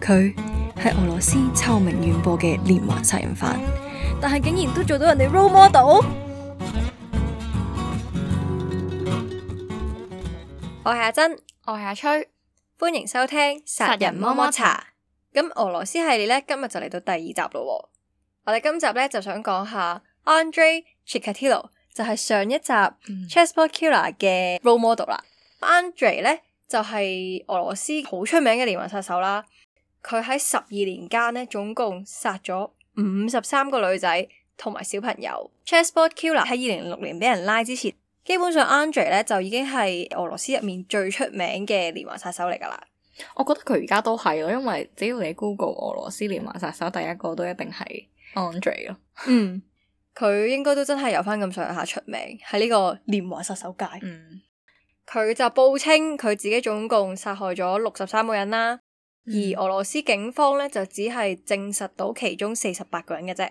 佢係俄羅斯臭名遠播嘅連環殺人犯，但係竟然都做到人哋 role model。 我係阿珍，我係阿吹，歡迎收聽殺人摸摸茶。咁俄羅斯系列呢，今日就嚟到第二集咯。我哋今集呢，就想講下 Andrei Chikatilo，就係上一集 Chess、嗯、board Killer 嘅 role model 啦。Andrei 呢。就係俄羅斯好出名嘅連環殺手啦，佢喺十二年間呢，總共殺咗五十三個女仔同埋小朋友。Chessboard Killer 喺二零零六年俾人拉之前，基本上 Andrei 咧就已經係俄羅斯入面最出名嘅連環殺手嚟噶啦。我覺得佢而家都係咯，因為只要你 Google 俄羅斯連環殺手，第一個都一定係 Andrei 咯。 嗯，佢應該都真係有翻咁上下出名喺呢個連環殺手界。嗯。佢就報稱佢自己總共殺害咗六十三個人啦，嗯、而俄羅斯警方咧就只係證實到其中四十八個人嘅啫，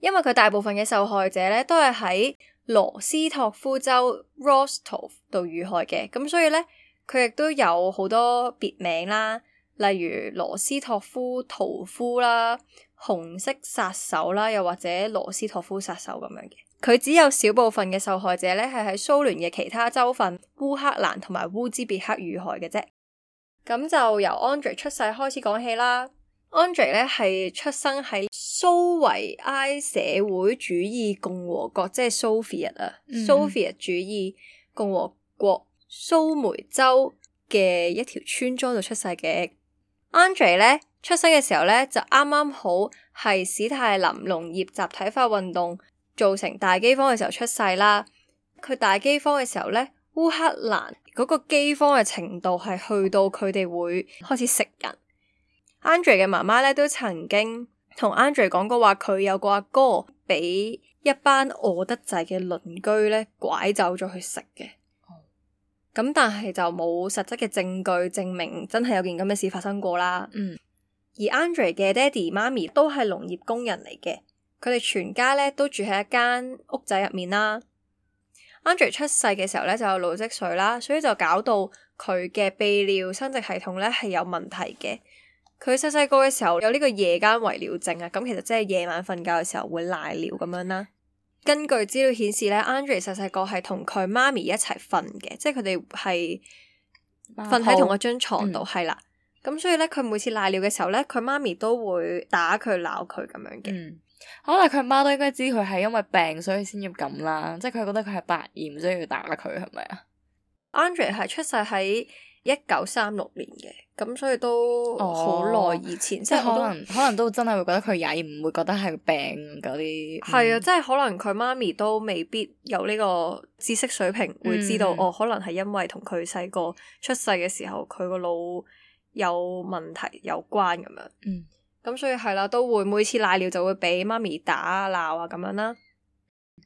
因為佢大部分嘅受害者咧都係喺羅斯托夫州 （Rostov） 度遇害嘅，咁所以咧佢亦都有好多別名啦，例如羅斯托夫屠夫啦、紅色殺手啦，又或者羅斯托夫殺手咁樣嘅。佢只有少部分嘅受害者咧，係喺蘇聯嘅其他州份、烏克蘭同埋烏茲別克遇害嘅啫。咁就由 Andrei 出世開始講起啦。Andrei 咧係出生喺蘇維埃社會主義共和國，即係 Soviet 啊，Soviet 主義共和國蘇梅州嘅一條村莊度出世嘅。Andrei 咧出生嘅時候咧，就啱啱好係史泰林農業集體化運動，造成大饑荒嘅時候出世啦，佢大饑荒嘅時候呢，烏克蘭嗰個饑荒嘅程度係去到佢哋會開始食人。Andrew 嘅媽媽呢，都曾經同 Andrew 講過話，佢有個阿哥俾一班餓得濟嘅鄰居呢拐走咗去食嘅。咁但係就冇實質嘅證據證明真係有件咁嘅事發生過啦。嗯、而 Andrew 嘅爹 a d 媽咪都係農業工人嚟嘅。佢哋全家咧都住喺一間屋仔入面啦。Andrei 出世嘅時候咧就有腦積水啦，所以就搞到佢嘅泌尿生殖系統咧係有問題嘅。佢細細個嘅時候有呢個夜間遺尿症啊，咁其實即係夜晚瞓覺嘅時候會賴尿咁樣啦。根據資料顯示咧，Andrei 細細個係同佢媽咪一齊瞓嘅，即係佢哋係瞓喺同一張床度，係胖啦。咁、嗯、所以咧佢每次賴尿嘅時候咧，佢媽咪都會打佢、鬧佢咁樣嘅。嗯可能佢媽都應該知佢係因為病所以先要咁啦，即係佢覺得佢係百厭所以要打佢，係咪啊？Andrei 係出世喺一九三六年嘅，咁所以都好耐以前，oh. 即係可能 可能都真係會覺得佢曳，唔會覺得係病嗰啲。係 啊，即係可能佢媽咪都未必有呢個知識水平、嗯、會知道，哦，可能係因為同佢細個出世嘅時候佢個腦有問題有關咁樣。嗯。咁所以係啦，都會每次賴尿就會俾媽咪打鬧啊咁樣啦。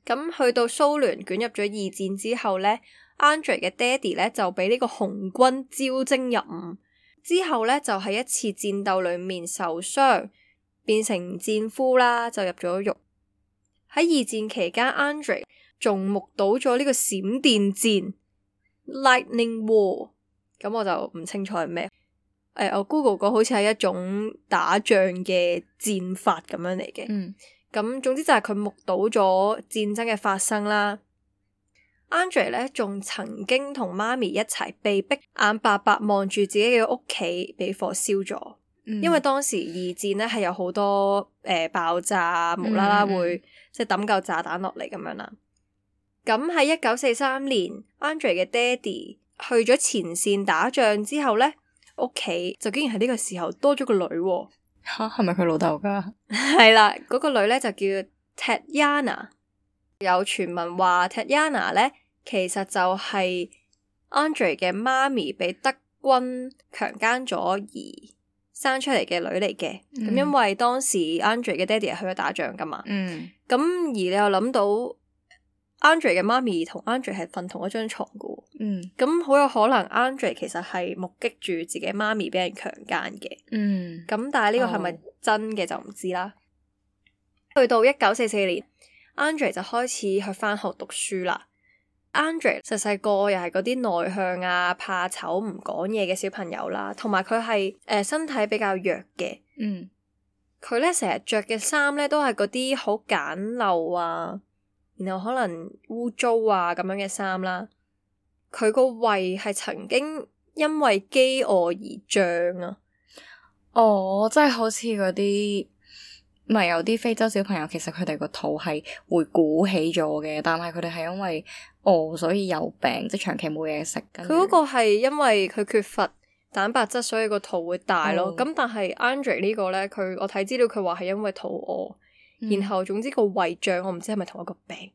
咁去到蘇聯捲入咗二戰之後呢 Andrei 嘅爹哋呢就俾呢個紅軍招徵入伍，之後呢，就喺一次戰鬥裏面受傷，變成戰俘啦，就入咗獄。喺二戰期間，Andrei 仲目睹咗呢個閃電戰 （Lightning War），咁我就唔清楚係咩。誒，我 Google 個好似係一種打仗嘅戰法咁樣嚟嘅，咁、嗯、總之就係佢目睹咗戰爭嘅發生啦。Andrei 咧，仲曾經同媽咪一齊被逼眼白白望住自己嘅屋企被火燒咗，嗯、因為當時二戰咧係有好多誒、呃、爆炸，無啦啦會即係抌嚿炸彈落嚟咁樣啦。咁喺一九四三年，Andrei 嘅爹哋去咗前線打仗之後咧。屋企就竟然喺呢個時候多咗個女吓、啊，係咪佢老豆噶？係啦， 嗰、嗰個女咧就叫 Tatiana。有傳聞話 Tatiana 咧其實就係 Andrei 嘅媽咪被德軍強奸咗而生出嚟嘅女嚟嘅。咁、嗯、因為當時 Andrei 嘅爹哋係去咗打仗噶嘛，咁、嗯、而你又諗到。Andrei 嘅媽咪同 Andrei 係瞓同一張床嘅，嗯，咁好有可能 Andrei 其實係目擊住自己媽咪俾人強奸嘅，嗯，咁但係呢個係咪真嘅就唔知啦。哦、去到一九四四年，Andrei 就開始去返學讀書啦。Andrei 細細個又係嗰啲內向啊、怕醜、唔講嘢嘅小朋友啦，同埋佢係誒身體比較弱嘅，嗯，佢咧成日着嘅衫咧都係嗰啲好簡陋啊。然後可能污糟啊咁樣嘅衫啦，佢個胃係曾經因為飢餓而脹啊，哦，即係好似嗰啲咪有啲非洲小朋友，其實佢哋個肚係會鼓起咗嘅，但係佢哋係因為餓、哦、所以有病，即係長期冇嘢食㗎。佢嗰個係因為佢缺乏蛋白質，所以個肚會大咯。咁、嗯、但係 Andrei 呢個咧，佢我睇資料佢話係因為肚餓。然後總之個胃脹，我唔知係咪同一個病。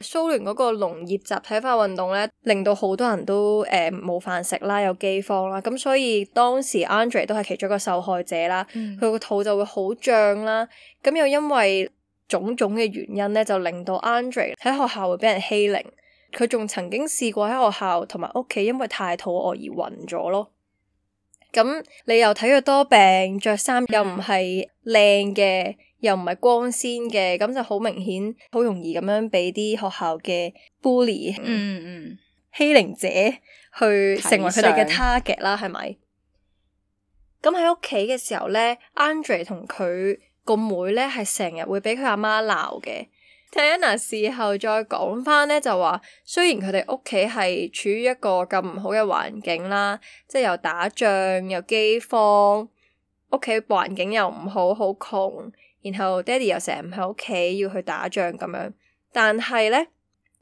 蘇聯嗰個農業集體化運動咧，令到好多人都誒冇、呃、飯食啦，有饑荒啦。咁所以當時 Andrei 都係其中一個受害者啦。佢個、嗯、肚就會好脹啦。咁又因為種種嘅原因咧，就令到 Andrei 喺學校會俾人欺凌。佢仲曾經試過喺學校同埋屋企，因為太肚餓而暈咗咯。咁你又睇佢多病，着衫又唔係靚嘅。又唔係光鮮嘅，咁就好明顯，好容易咁樣俾啲學校嘅 bully，嗯嗯，嗯欺凌者去成為佢哋嘅 target 啦，係咪相？咁喺屋企嘅時候呢 Andrei 同佢個妹呢係成日會俾佢阿媽鬧嘅。Tanna 事後再講翻呢，就話雖然佢哋屋企係處於一個咁唔好嘅環境啦，即係又打仗又飢荒，屋企環境又唔好，好窮。然後爹哋又成日唔喺屋企要去打仗咁樣，但係呢，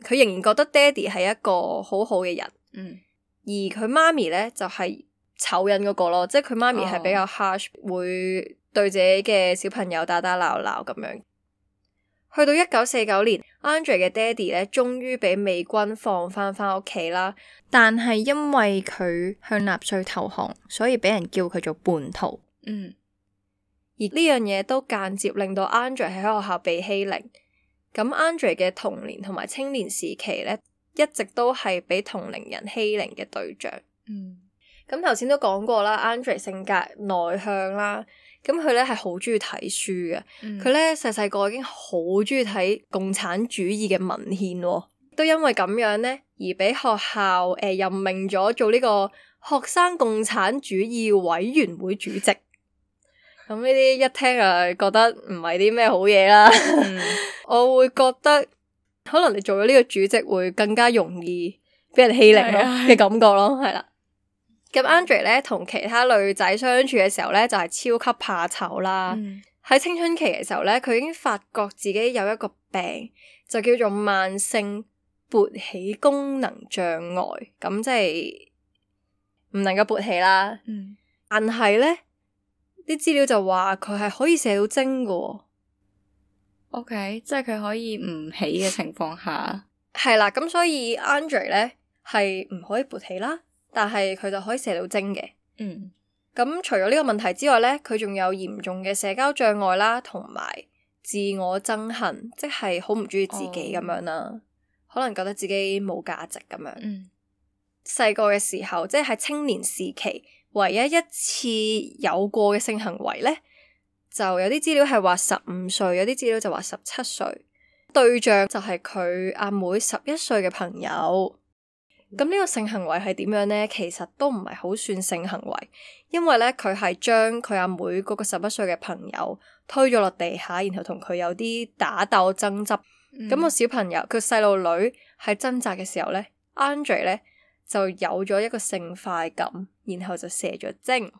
佢仍然覺得爹哋係一個好好嘅人，嗯、而佢媽咪呢，就係、是、醜人嗰、那個咯，即係佢媽咪係比較 harsh、哦、會對自己嘅小朋友打打鬧鬧咁樣。去到一九四九年，Andrei 嘅爹哋呢，終於俾美軍放翻翻屋企啦，但係因為佢向納粹投降，所以俾人叫佢做叛徒，嗯。而呢樣嘢都間接令到 Andrei 喺學校被欺凌，咁 Andrei 嘅童年同埋青年時期咧，一直都係俾同齡人欺凌嘅對象。嗯，咁頭先都講過啦，Andrei 性格內向啦，咁佢咧係好中意睇書嘅，佢咧細細個已經好中意睇共產主義嘅文獻、哦，都因為咁樣咧而俾學校誒、呃、任命咗做呢個學生共產主義委員會主席。咁呢啲一聽就覺得唔係啲咩好嘢啦、嗯。 我會覺得，可能你做咗呢個主席會更加容易俾人欺凌咯嘅感覺咯，係啦、啊。咁 Andrei 咧，同其他女仔相處嘅時候咧，就係、是、超級怕醜啦。喺、嗯、青春期嘅時候咧，佢已經發覺自己有一個病，就叫做慢性勃起功能障礙，咁即係唔能夠勃起啦。嗯、但係咧。啲資料就話佢係可以射到精嘅，OK，即係佢可以唔起嘅情況下，係啦。 咁所以 Andrei 咧係唔可以勃起啦，但係佢就可以射到精嘅。嗯，咁除咗呢個問題之外咧，佢仲有嚴重嘅社交障礙啦，同埋自我憎恨，即係好唔中意自己咁樣啦，哦、可能覺得自己冇價值咁樣。嗯，細個嘅時候，即係喺青年時期。唯一一次有過嘅性行為呢，就有啲資料係話十五歲，有啲資料就話十七歲，對象就係佢阿妹十一歲嘅朋友。咁呢個性行為係點樣呢？其實都唔係好算性行為，因為呢，佢係將佢阿妹嗰個十一歲嘅朋友推咗落地下，然後同佢有啲打鬥爭執。咁個、嗯、小朋友佢細路女喺掙扎嘅時候呢 Andrei 咧就有咗一個性快感。然後就射咗精，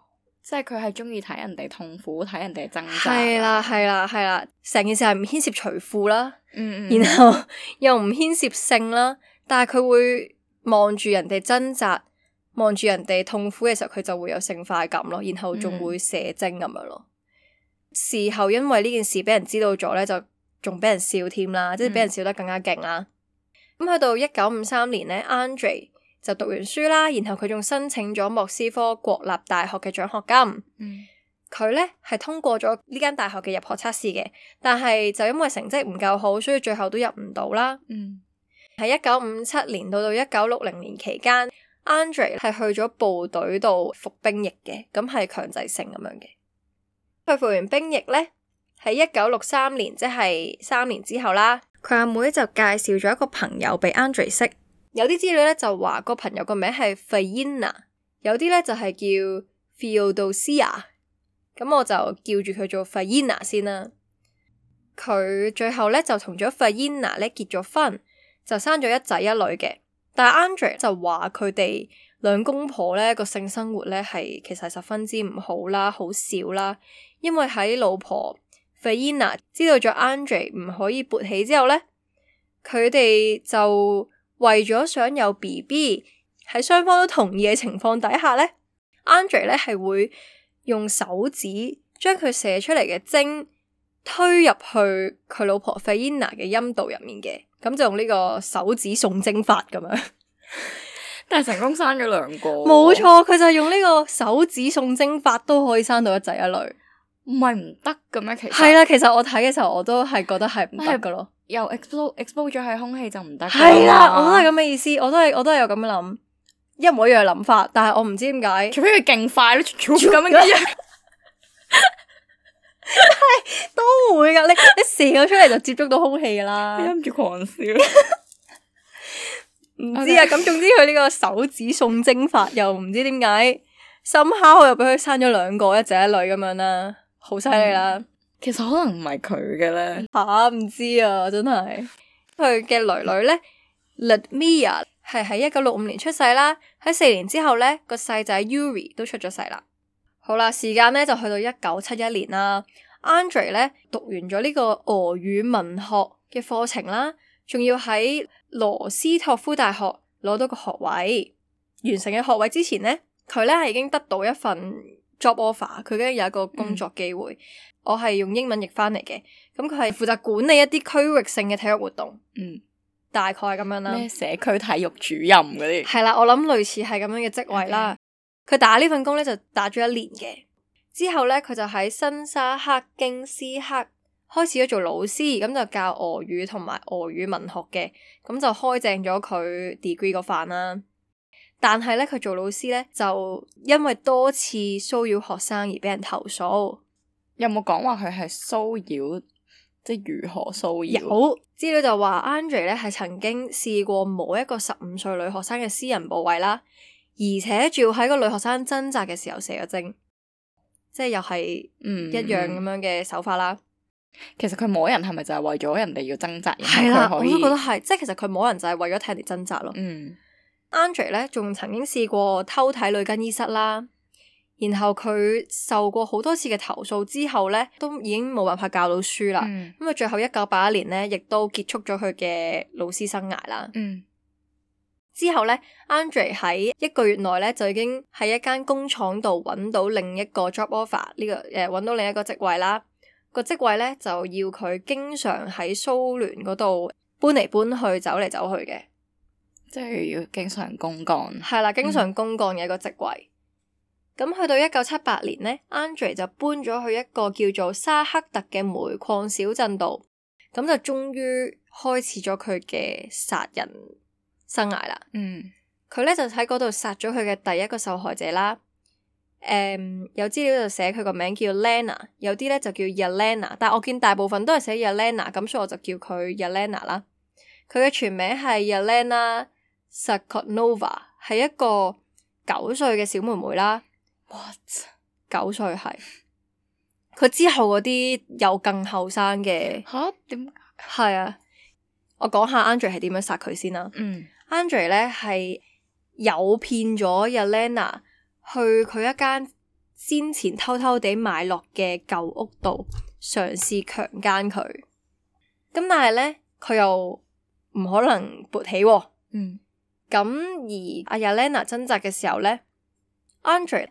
即係佢係中意睇人哋痛苦，睇人哋掙扎。係啦，係啦，係啦，成件事係唔牽涉財富啦，嗯，嗯，然後又唔牽涉性啦，但係佢會望住人哋掙扎，望住人哋痛苦嘅時候，佢就會有性快感咯，然後仲會射精咁、嗯、樣咯。事後因為呢件事俾人知道咗咧，就仲俾人笑添啦，即係俾人笑得更加勁啦。咁去、嗯、到一九五三年咧，Andrei，就讀完書啦，然後佢仲申請咗莫斯科國立大學嘅獎學金。佢、嗯、呢係通過咗呢間大學嘅入學測試嘅，但係就因為成績唔夠好，所以最後都入唔到啦。喺一九五七年到到一九六零年期間，Andrei 係去咗部隊度服兵役嘅，咁係強制性咁樣嘅。佢服完兵役呢，喺一九六三年，即、就、係、是、三年之後啦，佢阿妹、妹就介紹咗一個朋友俾 Andrei 識。有啲資料咧就話個朋友個名係費煙娜有啲咧就係、是、叫費奧多西亞咁我就叫住佢做費煙娜先啦。佢最後咧就同咗費煙娜咧結咗婚，就生咗一仔一女嘅。但係 Andrea 就話佢哋兩公婆咧個性生活咧係其實十分之唔好啦，好少啦，因為喺老婆費煙娜知道咗 Andrea 唔可以勃起之後咧，佢哋就。為咗想有 B B，喺雙方都同意嘅情況底下咧，Andrei 咧係會用手指將佢射出嚟嘅精推入去佢老婆 Fiona 嘅陰道入面嘅，咁就用呢個手指送精法咁樣。但係成功生咗兩個，冇錯， 佢就係用呢個手指送精法都可以生到一仔一女，唔係唔得嘅咩？其實係啦，其實我睇嘅時候我都係覺得係唔得嘅咯。哎又 expose expose 咗喺空氣就唔得。係啦，我都係咁嘅意思，我都係我都係有咁樣諗，一模一樣嘅諗法，但係我唔知點解，除非佢勁快咯，做咁嘅嘢，係都會噶，你你射咗出嚟就接觸到空氣噶啦，忍住狂笑，唔 知啊，咁 Okay. 總之佢呢個手指送精法又唔知點解，深烤又俾佢生咗兩個，一仔一女咁樣啦，好犀利啦。嗯其實可能唔係佢嘅咧，吓，唔知啊，真係佢嘅女女咧 Ludmila 係喺一九六五年出世啦。喺四年之後咧，個細仔 Yuri 都出咗世啦。好啦，時間咧就去到一九七一年啦。Andrei 咧讀完咗呢個俄語文學嘅課程啦，仲要喺羅斯托夫大學攞到個學位。完成嘅學位之前咧，佢咧係已經得到一份 job offer，佢已經有一個工作機會。嗯我係用英文譯翻嚟嘅，咁佢係負責管理一啲區域性嘅體育活動，嗯，大概咁樣啦。咩社區體育主任嗰啲？係啦，我諗類似係咁樣嘅職位啦。佢 Okay. 打呢份工咧，就打咗一年嘅，之後咧佢就喺新沙克京斯克開始咗做老師，咁就教俄語同埋俄語文學嘅，咁就開正咗佢 degree 嗰瓣啦。但係咧佢做老師咧就因為多次騷擾學生而俾人投訴。有冇講話佢係騷擾，即係如何騷擾？有資料就話，Andrei 咧係曾經試過摸一個十五歲女學生嘅私人部位啦，而且仲要喺個女學生掙扎嘅時候射咗精，即係又係一樣咁樣嘅手法啦。嗯嗯、其實佢摸人係咪就係為咗人哋要掙扎？係啦，我都覺得係，即係其實佢摸人就係為咗睇人哋掙扎咯。嗯，Andrei 咧仲曾經試過偷睇女更衣室啦。然後佢受過好多次嘅投訴之後咧，都已經冇辦法教到書啦。咁啊、嗯,最後一九八一年咧,亦都結束咗佢嘅老師生涯啦。嗯、之後咧，Andrei 喺一個月內咧，就已經喺一間工廠度搵到另一個 job offer，呢、個誒搵、呃、到另一個職位啦。個職位咧就要佢經常喺蘇聯嗰度搬嚟搬去，走嚟走去嘅，即係要經常公幹。係啦，經常公幹嘅一個職位。嗯咁去到一九七八年咧，Andrei 就搬咗去一個叫做沙克特嘅煤礦小鎮度，咁就終於開始咗佢嘅殺人生涯啦。嗯，佢咧就喺嗰度殺咗佢嘅第一個受害者啦。誒、um,，有資料就寫佢個名叫 Lena，有啲咧就叫 Yelena，但我見大部分都係寫 Yelena，咁所以我就叫佢 Yelena 啦。佢嘅全名係 Yelena Sakonova，係一個九歲嘅小妹妹啦。哇！What? 九歲，係佢之後嗰啲有更後生嘅吓？點係啊，我講下 Andrei 係點樣殺佢先啦。嗯，Andrei 咧係誘騙咗 Yelena 去佢一間先前偷偷地買落嘅舊屋度，嘗試強姦佢。咁但係咧佢又唔可能勃起啊。嗯。咁而阿 Yelena 掙扎嘅時候咧，Andrei。And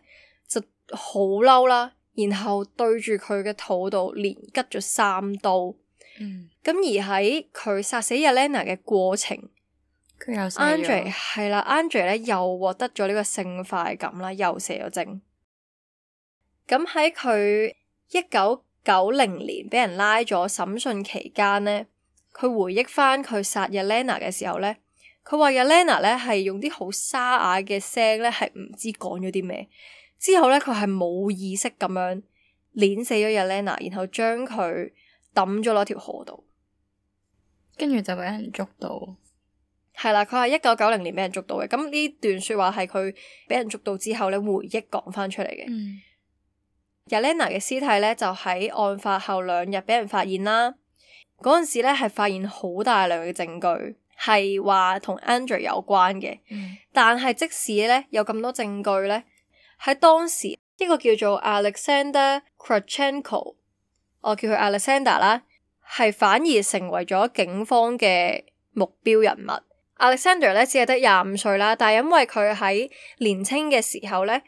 好嬲啦，然後對住佢嘅肚度連吉咗三刀。嗯，咁而喺佢殺死 e 蓮娜嘅過程，Andrew 係啦，Andrew 咧又獲得咗呢個性快感啦，又射咗精。咁喺佢一九九零年俾人拉咗審訊期間呢，佢回憶翻佢殺亞 n a 嘅時候呢，佢話亞 n a 咧係用啲好沙啞嘅聲咧，係唔知講咗啲咩。之後咧，佢係冇意識咁樣碾死咗 Elena，然後將佢抌咗落條河度，跟住就俾人捉到。係啦，佢係一九九零年俾人捉到嘅。咁呢段說話係佢俾人捉到之後咧回憶講翻出嚟嘅。Elena 嘅屍體咧就喺案發後兩日俾人發現啦。嗰陣時咧係發現好大量嘅證據，係話同 Andrei 有關嘅。嗯、但係即使咧有咁多證據咧。喺當時，一個叫做 Alexander Krachenko，我叫佢 Alexander 啦，係反而成為咗警方嘅目標人物。Alexander 咧只係得廿五歲啦，但係因為佢喺年輕嘅時候咧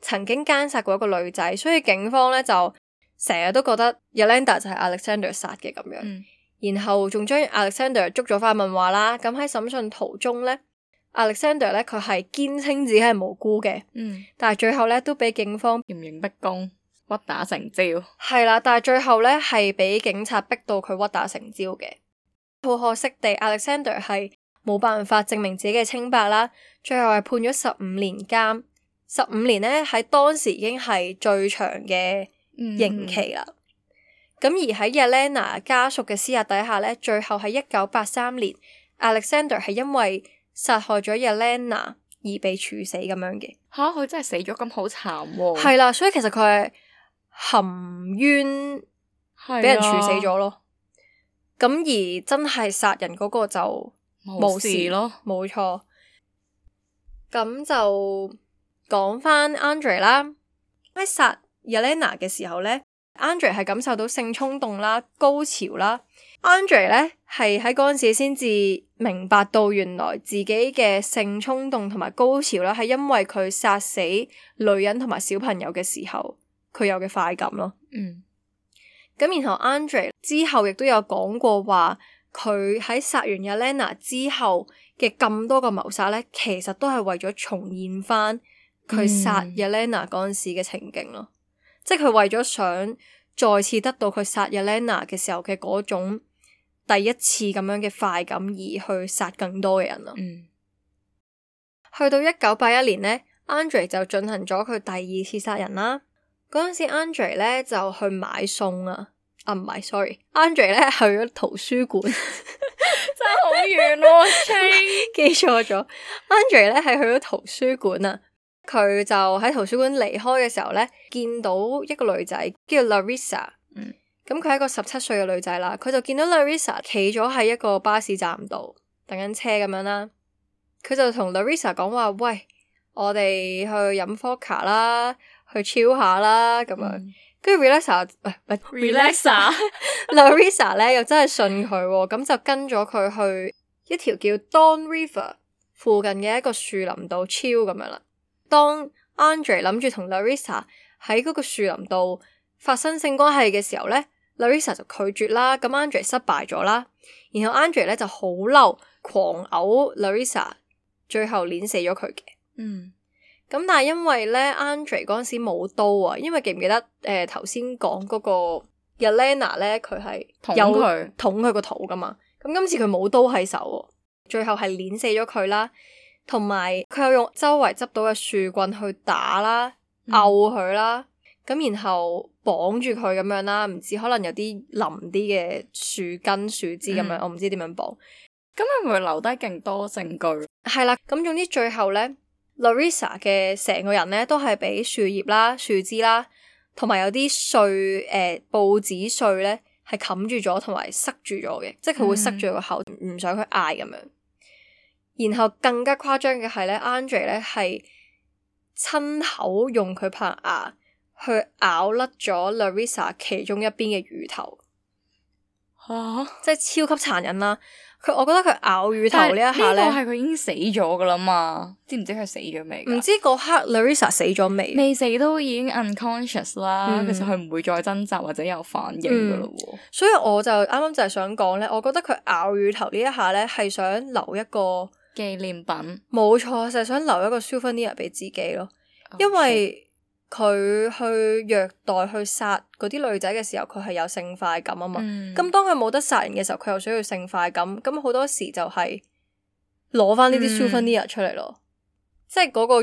曾經奸殺過一個女仔，所以警方咧就成日都覺得 Yelena 就係 Alexander 殺嘅咁樣，嗯、然後仲將 Alexander 捉咗翻去問話啦。咁喺審訊途中咧。Alexander 咧，佢係堅稱自己係無辜嘅，嗯、但係最後咧都俾警方嚴刑逼供，屈打成招。係啦，但係最後咧係俾警察逼到佢屈打成招嘅。好可惜地，Alexander 係冇辦法證明自己嘅清白啦。最後係判咗十五年監，十五年咧喺當時已經係最長嘅刑期啦。咁、嗯、而喺 Yelena 家屬嘅施壓底下咧，最後喺一九八三年，Alexander 係因為。殺害咗 Yelena 而被處死咁樣嘅，吓，佢真係死咗，咁好慘。係啦、啊，所以其實佢係含冤俾人處死咗咯。咁、啊、而真係殺人嗰個就冇事咯，冇錯。咁就講翻 Andrei 啦，喺殺 Yelena 嘅時候咧，Andrei 係感受到性衝動啦、高潮啦。Andrei 咧，係喺嗰陣時先至明白到原來自己嘅性衝動同埋高潮咧，係因為佢殺死女人同埋小朋友嘅時候佢有嘅快感咯。嗯，咁然後 Andrei 之後亦都有講過話，佢喺殺完 Yelena 之後嘅咁多個謀殺咧，其實都係為咗重現翻佢殺 Yelena 嗰陣時嘅情景咯，嗯、即係佢為咗想再次得到佢殺 Yelena 嘅時候嘅嗰種。第一次咁樣嘅快感，而去殺更多嘅人啦。嗯，去到一九八一年呢 Andrei 就進行咗佢第二次殺人啦。嗰陣時，Andrei 咧就去買餸啊，啊唔係，sorry，Andrei 咧去咗圖書館，真係好遠喎！我 清記記錯咗，Andrei 咧係去咗圖書館啊。佢就喺圖書館離開嘅時候咧，見到一個女仔，叫 Larissa。嗯咁佢係一個十七歲嘅女仔啦，佢就見到 Larissa 企咗喺一個巴士站度等緊車咁樣啦。佢就同 Larissa 講話，喂，我哋去飲伏卡啦，去超下啦咁樣。跟住 Larissa 唔係唔係 Relaxer Larissa 咧又真係信佢，咁就跟咗佢去一條叫 Don River 附近嘅一個樹林度超咁樣啦。當 Andrei 諗住同 Larissa 喺嗰個樹林度發生性關係嘅時候咧。Larissa 就拒絕啦，咁 Andrei 失敗咗啦，然後 Andrei 咧就好嬲，狂毆 Larissa 最後斬死咗佢嘅。嗯，咁但係因為咧 Andrei 嗰時冇刀啊，因為記唔記得誒頭先講嗰個 Elena 咧，佢係捅佢她捅佢個肚噶嘛，咁今次佢冇刀喺手，最後係斬死咗佢啦，同埋佢又用周圍執到嘅樹棍去打啦，毆佢啦。咁然後綁住佢咁樣啦，唔知可能有啲腍啲嘅樹根樹枝咁樣，我唔知點樣綁。咁佢唔會留低勁多證據？係啦，咁總之最後咧，Larissa 嘅成個人咧都係俾樹葉啦、樹枝啦，同埋有啲碎誒報紙碎咧係冚住咗，同埋塞住咗嘅，即係佢會塞住個口，唔想佢嗌咁樣。然後更加誇張嘅係咧，Andrei 咧係親口用佢拍牙。去咬甩咗 Larissa 其中一邊嘅乳頭，吓、啊，即係超級殘忍啦！佢，我覺得佢咬乳頭一呢一下咧，係佢已經死咗噶啦嘛？知唔知佢死咗未？唔知嗰刻 Larissa 死咗未？未死都已經 unconscious 啦，其實佢唔會再掙扎或者有反應噶咯、嗯。所以我就啱啱就係想講咧，我覺得佢咬乳頭一呢一下咧，係想留一個紀念品。冇錯，就係想留一個 souvenir 俾自己咯，Okay. 因為。佢去虐待、去殺嗰啲女仔嘅時候，佢係有性快感啊嘛。咁、嗯、當佢冇得殺人嘅時候，佢又需要性快感。咁好多時就係攞翻呢啲 souvenir 出嚟咯，即係嗰個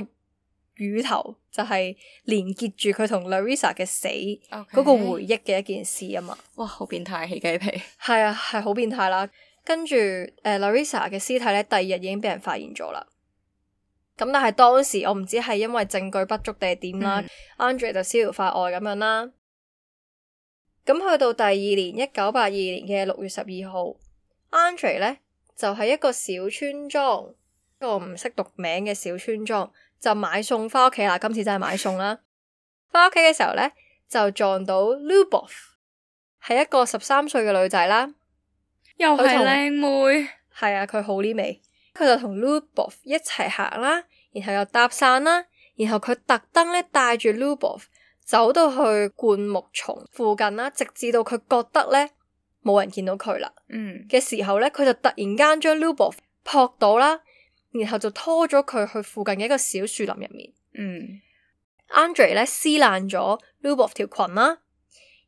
乳頭就係連結住佢同 Larissa 嘅死嗰 Okay. 個回憶嘅一件事啊嘛。哇，好變態，起雞皮。係 啊，係好變態啦。跟住誒、呃、Larissa 嘅屍體咧，第二日已經俾人發現咗啦。咁但係當時我唔知係因為證據不足定係點啦，Andrei 就逍遙法外咁樣啦。咁、嗯、去到第二年一九八二年嘅六月十二號，Andrei 咧就喺、是、一個小村莊，一個唔識讀名嘅小村莊就買餸翻屋企啦。今次真係買餸啦，翻屋企嘅時候咧就撞到 Lubov，係一個十三歲嘅女仔啦，又係靚跟妹，係啊，佢好呢味。佢就同 Lubov 一齊行啦，然後又搭訕啦，然後佢特登咧帶住 Lubov 走到去灌木叢附近啦，直至到佢覺得咧冇人見到佢啦，嗯嘅時候咧，佢就突然間將 Lubov 撲到啦，然後就拖咗佢去附近嘅一個小樹林入面，嗯，Andrei 咧撕爛咗 Lubov 條裙啦，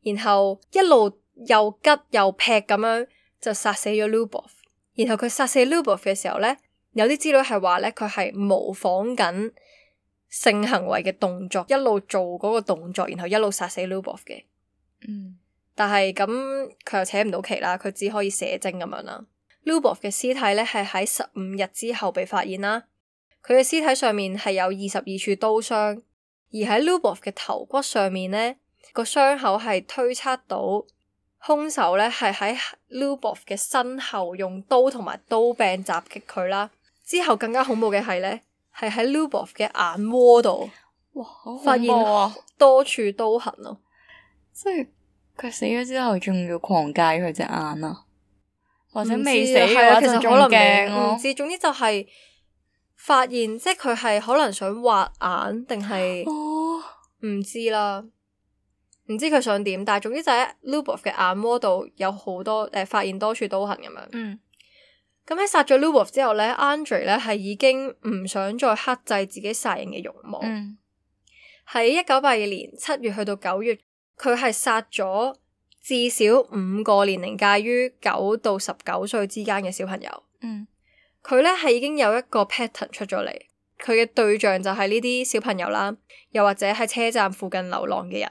然後一路又拮又劈咁樣就殺死咗 Lubov。然後佢殺死 Lubov 嘅時候咧，有啲資料係話咧佢係模仿緊性行為嘅動作，一路做嗰個動作，然後一路殺死 Lubov 嘅。嗯，但係咁佢又扯唔到旗啦，佢只可以寫精咁樣啦。Lubov 嘅屍體咧係喺十五日之後被發現啦。佢嘅屍體上面係有二十二處刀傷，而喺 Lubov 嘅頭骨上面咧個傷口係推測到。凶手咧係喺 Lubov 嘅身後用刀同埋刀柄襲擊佢啦，之後更加恐怖嘅係咧係喺 Lubov 嘅眼窩度，哇！發現多處刀痕咯、啊，刀痕啊、即係佢死咗之後仲要狂界佢隻眼啊，或者未死啊？啦其實可能未唔、啊、知，總之就係發現，即係佢係可能想挖眼定係唔知啦。唔知佢想點，但係總之就喺 Lubov 嘅眼窩度有好多誒、呃，發現多處刀痕咁樣。嗯，咁喺殺咗 Lubov 之後咧，Andrei 咧係已經唔想再克制自己殺人嘅欲望。喺一九八二年七月去到九月，佢係殺咗至少五個年齡介於九到十九歲之間嘅小朋友。嗯，佢咧係已經有一個 pattern 出咗嚟，佢嘅對象就係呢啲小朋友啦，又或者喺車站附近流浪嘅人。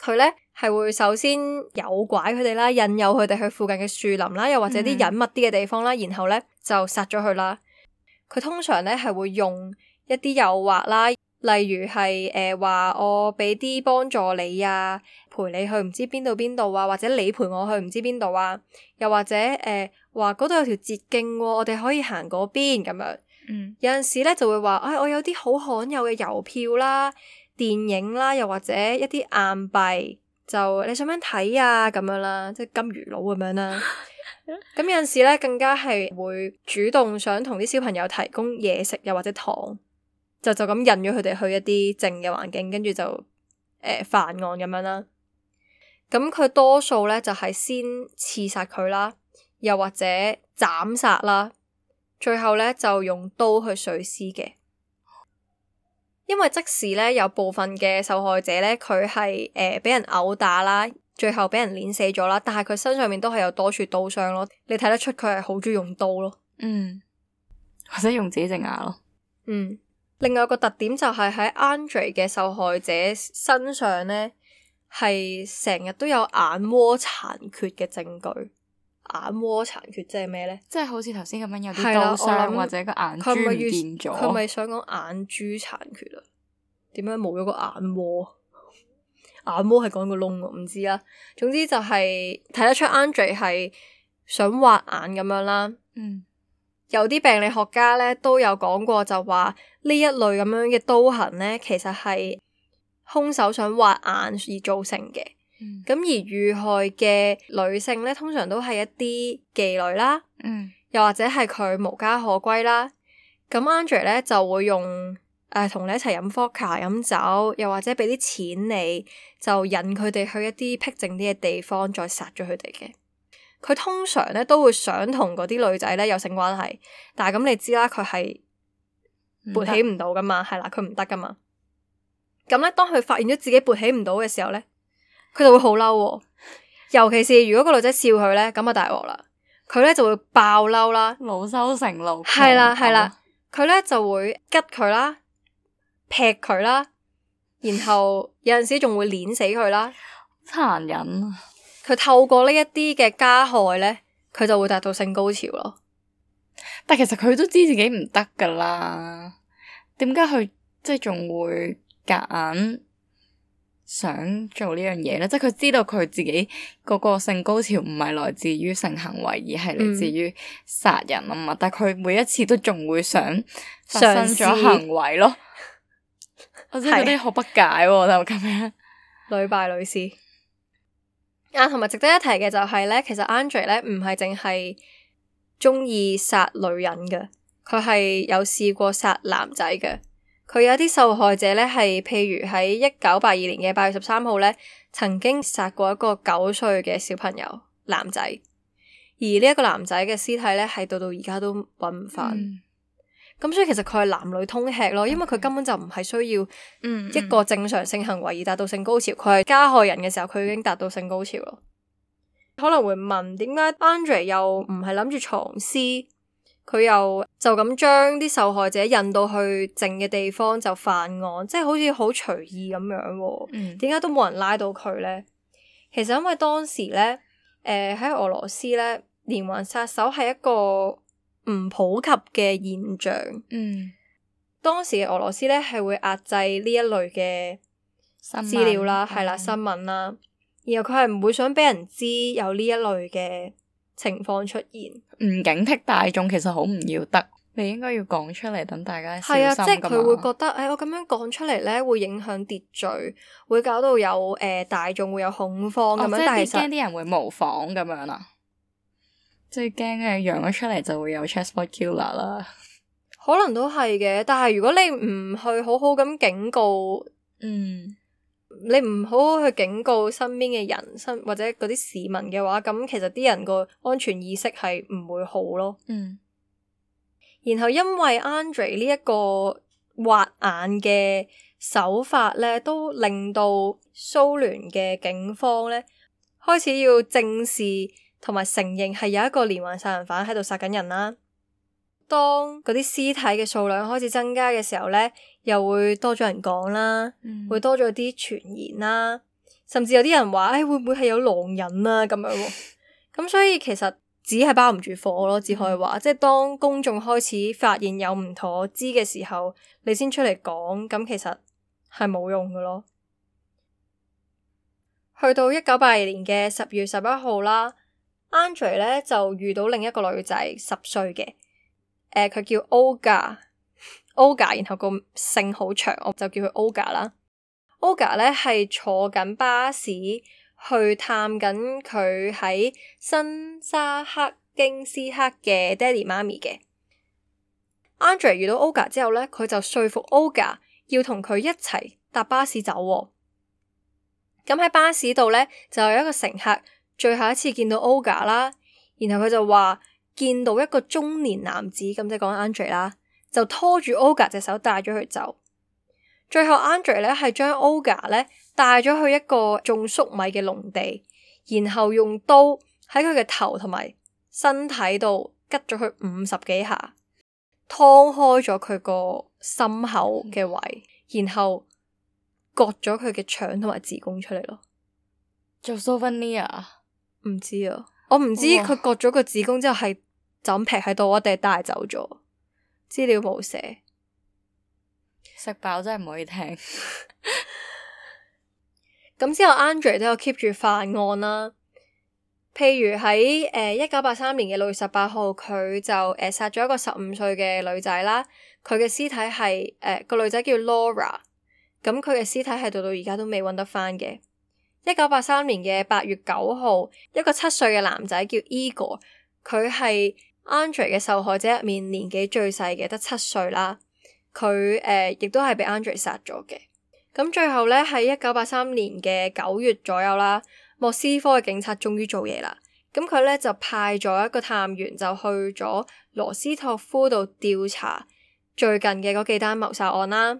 佢咧係會首先誘拐佢哋啦，引誘佢哋去附近嘅樹林啦，又或者啲隱密啲嘅地方啦，然後咧就殺咗佢啦。佢通常咧係會用一啲誘惑啦，例如係誒話我俾啲幫助你啊，陪你去唔知邊度邊度啊，或者你陪我去唔知邊度啊，又或者誒話嗰度有條捷徑喎，啊，我哋可以行嗰邊咁樣。嗯，有陣時咧就會話，唉，哎，我有啲好罕有嘅郵票啦。電影啦，又或者一啲硬幣，就你想唔想睇啊？咁樣啦，即係金魚佬咁樣啦。咁 有陣時咧，更加係會主動想同啲小朋友提供嘢食，又或者糖，就就咁引咗佢哋去一啲靜嘅環境，跟住就誒犯案咁樣啦。咁佢多數咧就係、是、先刺殺佢啦，又或者斬殺啦，最後咧就用刀去碎屍嘅。因為即時咧有部分嘅受害者咧佢係誒俾人毆打啦，最後俾人碾死咗啦，但係佢身上面都係有多處刀傷咯，你睇得出佢係好中意用刀咯，嗯，或者用自己隻牙咯，嗯，另外一個特點就係喺 Andrei 嘅受害者身上咧係成日都有眼窩殘缺嘅證據。眼窩殘缺即係咩呢？即係好似頭先咁樣有啲刀傷或者個眼珠，佢咪想講眼珠殘缺啊？點解冇咗個眼窩？眼窩係講個窿咯，唔知啦、啊。總之就係、是、睇得出 Andrei 係想挖眼咁樣啦。嗯、有啲病理學家呢都有講過，就話呢一類咁樣嘅刀痕呢，其實係凶手想挖眼而造成嘅。咁、嗯、而遇害嘅女性咧，通常都係一啲妓女啦，嗯、又或者係佢無家可歸啦。咁、嗯、Andrei 咧就會用誒同、呃、你一齊飲伏卡、飲酒，又或者俾啲錢你，就引佢哋去一啲僻靜啲嘅地方，再殺咗佢哋嘅。佢通常咧都會想同嗰啲女仔咧有性關係，但係咁你知啦，佢係行勃起唔到噶嘛，係啦、啊，佢唔得噶嘛。咁、嗯、咧，當佢發現咗自己勃起唔到嘅時候咧。佢就會好嬲、哦，尤其是如果個女仔笑佢咧，咁啊大鑊啦！佢咧就會爆嬲啦，惱羞成怒，係啦係啦，佢咧就會吉佢啦，劈佢啦，然後有陣時仲會碾死佢啦，殘 忍、啊！佢透過呢一啲嘅加害咧，佢就會達到性高潮咯。但其實佢都知自己唔得噶啦，點解佢即係仲會夾硬？想做呢樣嘢咧，即係佢知道佢自己個性高潮唔係來自於性行為，而係嚟自於殺人啊嘛。嗯、但係佢每一次都仲會想發生咗行為咯。司 我真係覺得好不解喎、哦，是就咁樣屢敗屢試。啊，同埋值得一提嘅就係咧，其實 Andrei 咧唔係淨係中意殺女人嘅，佢係有試過殺男仔嘅。佢有啲受害者咧，係譬如喺一九八二年嘅八月十三號咧，曾經殺過一個九歲嘅小朋友男仔，而呢一個男仔嘅屍體咧，係到到而家都搵唔翻。咁、嗯、所以其實佢係男女通吃咯，因為佢根本就唔係需要，一個正常性行為而達到性高潮，佢係加害人嘅時候，佢已經達到性高潮咯。嗯、可能會問點解班 n 又唔係諗住藏屍？佢又就咁將啲受害者引到去靜嘅地方就犯案，即係好似好隨意咁樣，啊。點解，嗯、都冇人拉到佢呢？其實因為當時呢，誒、呃、喺俄羅斯呢，連環殺手係一個唔普及嘅現象。嗯，當時俄羅斯呢係會壓制呢一類嘅資料啦，係啦新聞啦，然後佢係唔會想俾人知有呢一類嘅。情況出現，唔警惕大眾，其實好唔要得。你應該要講出嚟，等大家係啊，即係佢會覺得，誒、哎，我咁樣講出嚟咧，會影響秩序，會搞到有誒、呃、大眾會有恐慌咁樣。但係驚啲人會模仿咁樣啦！最驚嘅揚咗出嚟就會有 Chessboard Killer 啦，可能都係嘅。但係如果你唔去好好咁警告，嗯。你唔好好去警告身邊嘅人，身或者嗰啲市民嘅話，咁其實啲人個安全意識係唔會好咯。嗯。然後因為 Andrei 呢一個挖眼嘅手法咧，都令到蘇聯嘅警方咧開始要正視同埋承認係有一個連環殺人犯喺度殺緊人啦、啊。當嗰啲屍體嘅數量開始增加嘅時候咧。又會多咗人講啦，嗯、會多咗啲傳言啦，甚至有啲人話，誒、哎，會唔會係有狼人啊？咁樣、啊，咁 所以其實只係包唔住火咯，只可以話，嗯、即係當公眾開始發現有唔妥知嘅時候，你先出嚟講，咁其實係冇用噶咯。 去到一九八二年嘅十月十一號啦，Andrei 咧就遇到另一個女仔，十歲嘅，佢、呃、叫 Olga。Oga 然後個姓好長，我就叫佢 Oga 啦。Oga 咧係坐緊巴士去探緊佢喺新沙克京斯克嘅爹哋媽咪嘅。Andrei 遇到 Oga 之後咧，佢就說服 Oga 要同佢一齊搭巴士走，啊。咁喺巴士度咧就有一個乘客最後一次見到 Oga 啦，然後佢就話見到一個中年男子，咁、就、即、是、係講 Andrei 啦。就拖住 Olga 隻手帶咗佢走，最後 Andrei 咧係將 Olga 咧帶咗去一個種粟米嘅農地，然後用刀喺佢嘅頭同埋身體度拮咗佢五十幾下，劏開咗佢個心口嘅位，然後割咗佢嘅腸同埋子宮出嚟咯。做 souvenir 唔知啊，我唔知佢、oh. 割咗個子宮之後係就咁劈喺度，定係帶走咗？資料冇寫，食飽真係唔可以聽。咁 之後 Andrei 都有 keep 住犯案啦。譬如喺誒一九八三年嘅六月十八號，佢就誒殺咗一個十五歲嘅女仔啦。佢嘅屍體係誒個女仔叫 Laura，咁佢嘅屍體係到到而家都未揾得返嘅。一九八三年嘅八月九號，一個七歲嘅男仔叫 Ego，a 佢係。Andrei 嘅受害者入面年紀最細嘅得七歲啦，佢誒、呃、亦都係被 Andrei 殺咗嘅。咁最後咧，喺一九八三年嘅九月左右啦，莫斯科嘅警察終於做嘢啦。咁佢咧就派咗一個探員就去咗羅斯托夫度調查最近嘅嗰幾單謀殺案啦。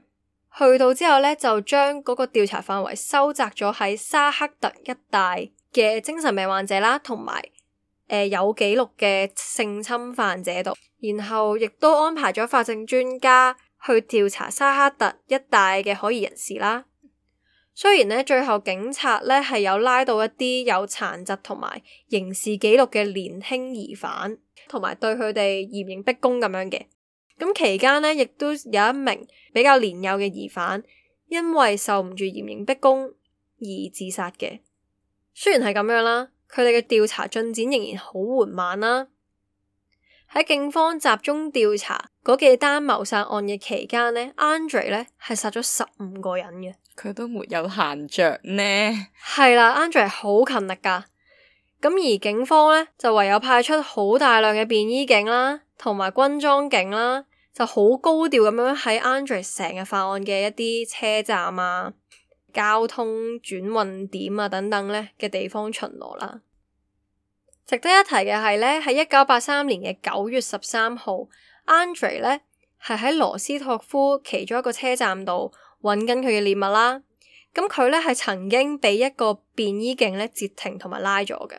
去到之後咧，就將嗰個調查範圍收窄咗喺沙克特一帶嘅精神病患者啦，同埋。誒、呃，有記錄嘅性侵犯者度，然後亦都安排咗法證專家去調查沙克特一帶嘅可疑人士啦。雖然呢，最後警察呢係有拉到一啲有殘疾同埋刑事記錄嘅年輕疑犯，同埋對佢哋嚴刑逼供咁樣嘅。咁期間呢，亦都有一名比較年幼嘅疑犯，因為受唔住嚴刑逼供而自殺嘅。雖然係咁樣啦。佢哋嘅調查進展仍然好緩慢啦、啊。喺警方集中調查嗰幾單謀殺案嘅期間呢 Andrei 咧係殺咗十五個人嘅。佢都沒有閒着呢。係啦 ，Andrei 好勤力噶。咁而警方咧就唯有派出好大量嘅便衣警啦、啊，同埋軍裝警啦、啊，就好高調咁樣喺 Andrei 成日犯案嘅一啲車站啊。交通轉運點啊，等等呢嘅地方巡邏啦。值得一提嘅係呢，喺一九八三年嘅九月十三號，Andrei 呢係喺羅斯托夫其中一個車站度揾緊佢嘅獵物啦。咁、嗯、佢呢係曾經俾一個便衣警呢截停同埋拉咗嘅，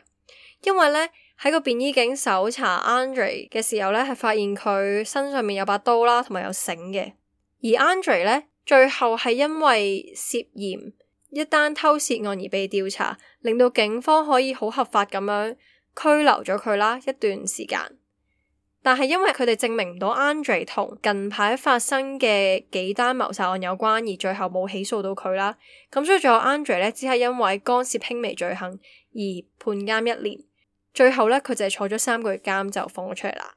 因為呢喺個便衣警搜查 Andrei 嘅時候呢，係發現佢身上面有把刀啦，同埋有繩嘅，而 Andrei 呢。最後係因為涉嫌一單偷竊案而被調查，令到警方可以好合法咁樣拘留咗佢啦一段時間。但係因為佢哋證明唔到 Andrei 同近排發生嘅幾單謀殺案有關，而最後冇起訴到佢啦。咁所以最後 Andrei 咧，只係因為干涉輕微罪行而判監一年。最後呢，佢就係坐咗三個月監就放咗出嚟啦。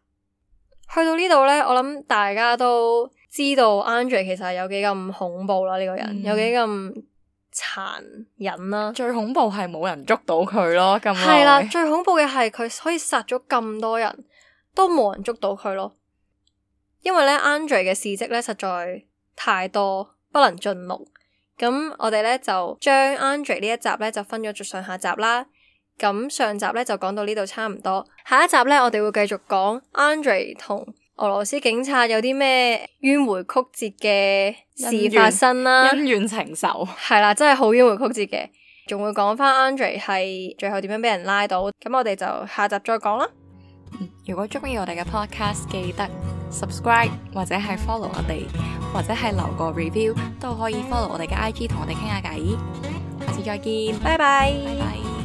去到呢度呢，我諗大家都知道 Andrei 其實有幾咁恐怖啦、啊，呢、這個人、嗯、有幾咁殘忍啦、啊。最恐怖係冇人，人捉到佢咯，咁係啦。最恐怖嘅係佢可以殺咗咁多人都冇人捉到佢咯。因為咧 Andrei 嘅事跡咧實在太多，不能盡錄。咁我哋咧就將 Andrei 呢一集咧就分咗做上下集啦。咁上集咧就講到呢度差唔多，下一集咧我哋會繼續講 Andrei 同俄羅斯警察有啲咩迂回曲折嘅事怨發生啦、啊？恩怨情仇係啦，真係好迂回曲折嘅，仲會講翻 Andrei 係最後點樣俾人拉到。咁我哋就下集再講啦。如果中意我哋嘅 podcast，記得 subscribe 或者係 follow 我哋，或者係留個 review 都可以 follow 我哋嘅 IG 同我哋傾下偈。下次再見，拜拜，拜拜。